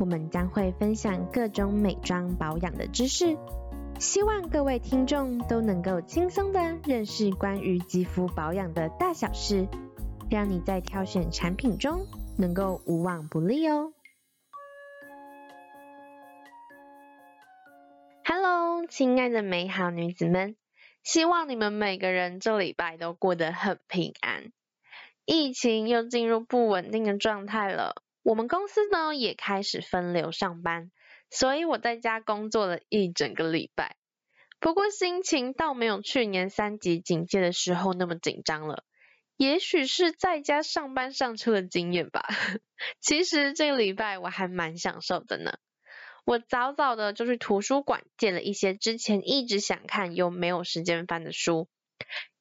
我們將會分享各種美妝保養的知識，希望各位聽眾都能夠輕鬆的認識關於肌膚保養的大小事，讓你在挑選產品中能夠無往不利哦。Hello，親愛的玫好女子們，希望你們每個人這禮拜都過得很平安。疫情又進入不穩定的狀態了。我們公司呢也開始分流上班，所以我在家工作了一整個禮拜。不過心情倒沒有去年三級警戒的時候那麼緊張了。也許是在家上班上出的經驗吧。其實這個禮拜我還蠻享受的呢。我早早的就去圖書館借了一些之前一直想看又沒有時間翻的書。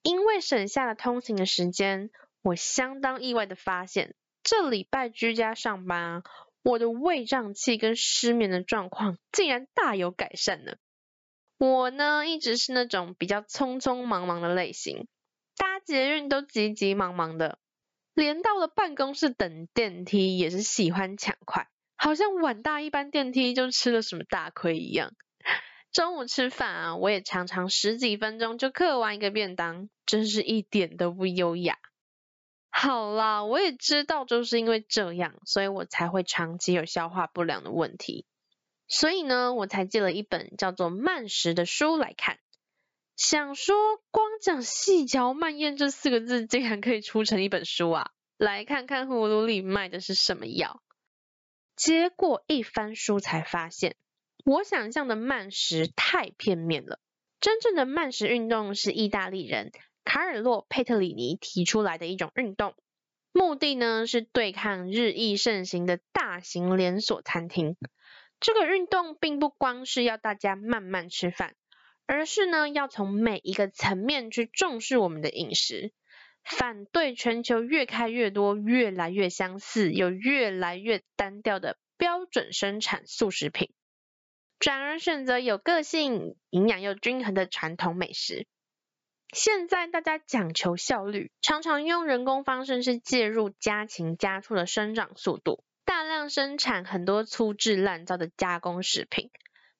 因為省下了通勤的時間，我相當意外的發現。這禮拜居家上班啊，我的胃脹氣跟失眠的狀況竟然大有改善呢。我呢一直是那種比較匆匆忙忙的類型，搭捷運都急急忙忙的，連到了辦公室等電梯也是喜歡搶快，好像晚搭一班電梯就吃了什麼大虧一樣。中午吃飯啊，我也常常十幾分鐘就嗑完一個便當，真是一點都不優雅。好啦，我也知道，就是因為這樣，所以我才會長期有消化不良的問題。所以呢，我才借了一本叫做《慢食》的書來看，想說光講細嚼慢嚥這四個字，竟然可以出成一本書啊！來看看葫蘆裡賣的是什麼藥。結果一翻書，才發現我想象的慢食太片面了。真正的慢食運動是意大利人。卡爾洛·佩特里尼提出來的一種運動，目的呢是對抗日益盛行的大型連鎖餐廳。這個運動並不光是要大家慢慢吃飯，而是呢要從每一個層面去重視我們的飲食，反對全球越開越多、越來越相似又越來越單調的標準生產素食品，轉而選擇有個性、營養又均衡的傳統美食。現在大家講求效率，常常用人工方式是介入家禽、家畜的生長速度，大量生產很多粗制濫造的加工食品。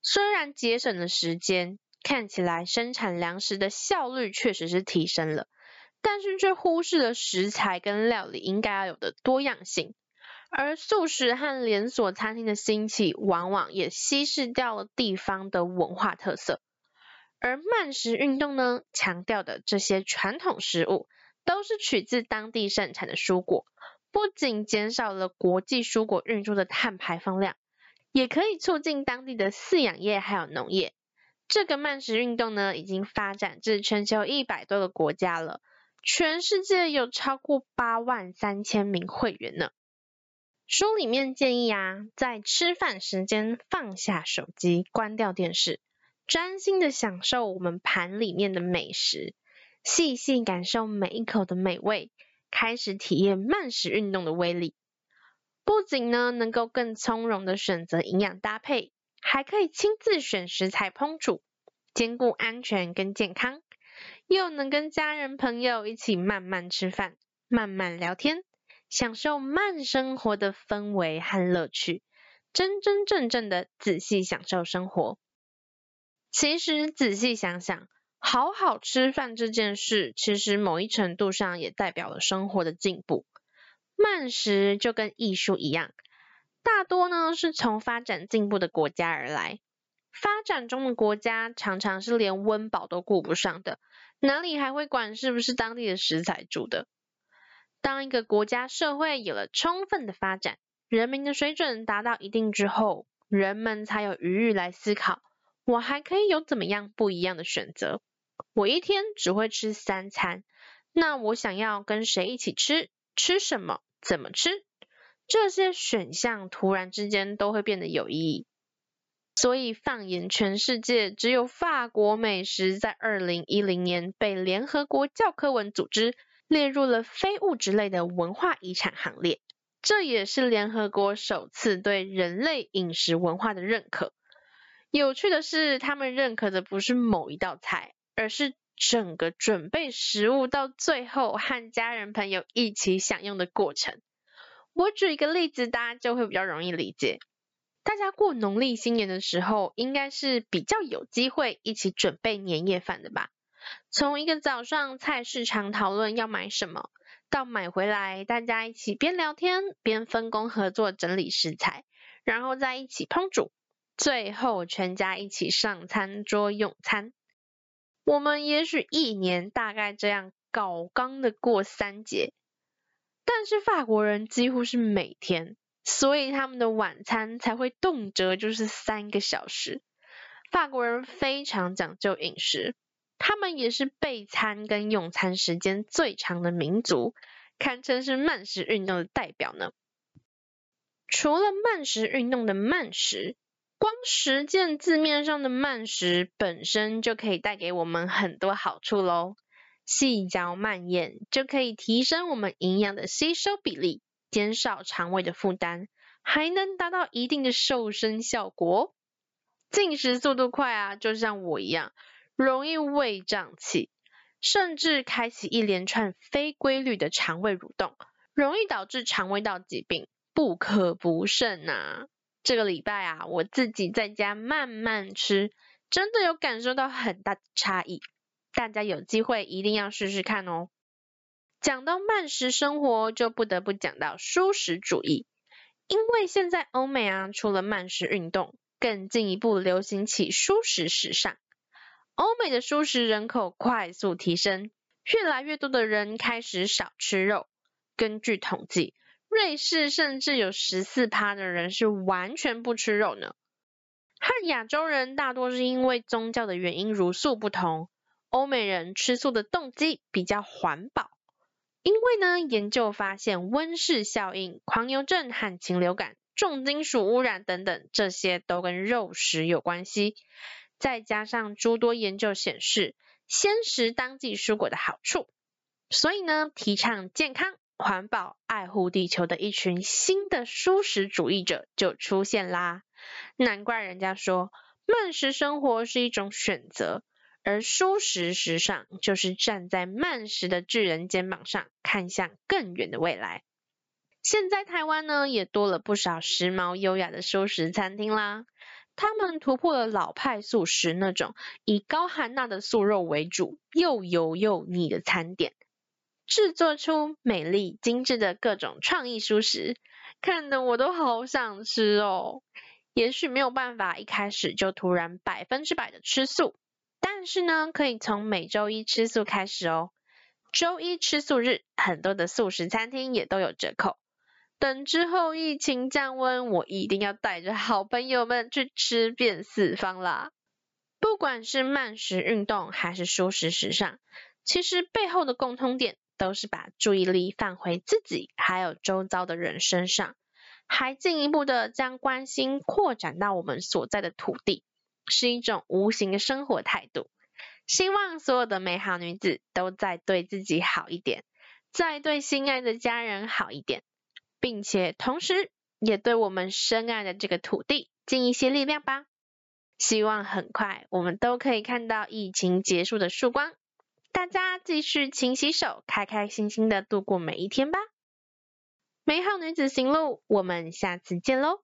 雖然節省了時間，看起來生產糧食的效率確實是提升了，但是卻忽視了食材跟料理應該要有的多樣性。而速食和連鎖餐廳的興起，往往也稀釋掉了地方的文化特色。而慢食運動呢，強調的這些傳統食物，都是取自當地盛產的蔬果，不僅減少了國際蔬果運輸的碳排放量，也可以促進當地的飼養業還有農業。這個慢食運動呢，已經發展至全球一百多個國家了，全世界有超過八萬三千名會員呢。書裡面建議啊，在吃飯時間放下手機，關掉電視。專心的享受我們盤裡面的美食，細細感受每一口的美味，開始體驗慢食運動的威力。不僅呢，能夠更從容的選擇營養搭配，還可以親自選食材烹煮，兼顧安全跟健康，又能跟家人朋友一起慢慢吃飯、慢慢聊天，享受慢生活的氛圍和樂趣，真真正正的仔細享受生活。其實仔細想想，好好吃飯這件事，其實某一程度上也代表了生活的進步。慢食就跟藝術一樣，大多呢是從發展進步的國家而來。發展中的國家常常是連溫飽都顧不上的，哪裡還會管是不是當地的食材煮的？當一個國家社會有了充分的發展，人民的水準達到一定之後，人們才有餘裕來思考。我還可以有怎麼樣不一樣的選擇？我一天只會吃三餐，那我想要跟誰一起吃、吃什麼、怎麼吃，這些選項突然之間都會變得有意義。所以放眼全世界，只有法國美食在2010年被聯合國教科文組織列入了非物質類的文化遺產行列，這也是聯合國首次對人類飲食文化的認可。有趣的是，他們認可的不是某一道菜，而是整個準備食物到最後和家人朋友一起享用的過程。我舉一個例子，大家就會比較容易理解。大家過農曆新年的時候，應該是比較有機會一起準備年夜飯的吧？從一個早上菜市場討論要買什麼，到買回來大家一起邊聊天邊分工合作整理食材，然後再一起烹煮。最後，全家一起上餐桌用餐。我們也許一年大概這樣搞剛的過三節，但是法國人幾乎是每天，所以他們的晚餐才會動輒就是三個小時。法國人非常講究飲食，他們也是備餐跟用餐時間最長的民族，堪稱是慢食運動的代表呢。除了慢食運動的慢食。光實踐字面上的慢食本身就可以帶給我們很多好處嘍。細嚼慢嚥就可以提升我們營養的吸收比例，減少腸胃的負擔，還能達到一定的瘦身效果。進食速度快啊，就像我一樣，容易胃脹氣，甚至開啟一連串非規律的腸胃蠕動，容易導致腸胃道疾病，不可不慎啊！這個禮拜啊，我自己在家慢慢吃，真的有感受到很大的差異。大家有機會一定要試試看哦。講到慢食生活，就不得不講到蔬食主義，因為現在歐美啊，除了慢食運動，更進一步流行起蔬食時尚，歐美的蔬食人口快速提升，越來越多的人開始少吃肉。根據統計，瑞士甚至有十四趴的人是完全不吃肉呢。和亞洲人大多是因為宗教的原因茹素不同，歐美人吃素的動機比較環保。因為呢，研究發現溫室效應、狂牛症和禽流感、重金屬污染等等，這些都跟肉食有關係。再加上諸多研究顯示，鮮食當季蔬果的好處，所以呢，提倡健康、環保愛護地球的一群新的蔬食主義者就出現啦，難怪人家說慢食生活是一種選擇，而蔬食時尚就是站在慢食的巨人肩膀上，看向更遠的未來。現在台灣呢也多了不少時髦優雅的蔬食餐廳啦，他們突破了老派素食那種以高含鈉的素肉為主又油又膩的餐點。製作出美麗精致的各種創意蔬食，看得我都好想吃哦。也許沒有辦法一開始就突然百分之百的吃素，但是呢，可以從每周一吃素開始哦。周一吃素日，很多的素食餐廳也都有折扣。等之後疫情降溫，我一定要帶着好朋友們去吃遍四方啦。不管是慢食運動還是蔬食時尚，其實背後的共通點。都是把注意力放回自己，還有周遭的人身上，還進一步的將關心擴展到我們所在的土地，是一種無形的生活態度。希望所有的玫好女子都再對自己好一點，再對心愛的家人好一點，並且同時也對我們深愛的這個土地盡一些力量吧。希望很快我們都可以看到疫情結束的曙光。大家繼續勤洗手，開開心心的度過每一天吧！玫好女子行路，我們下次見嘍！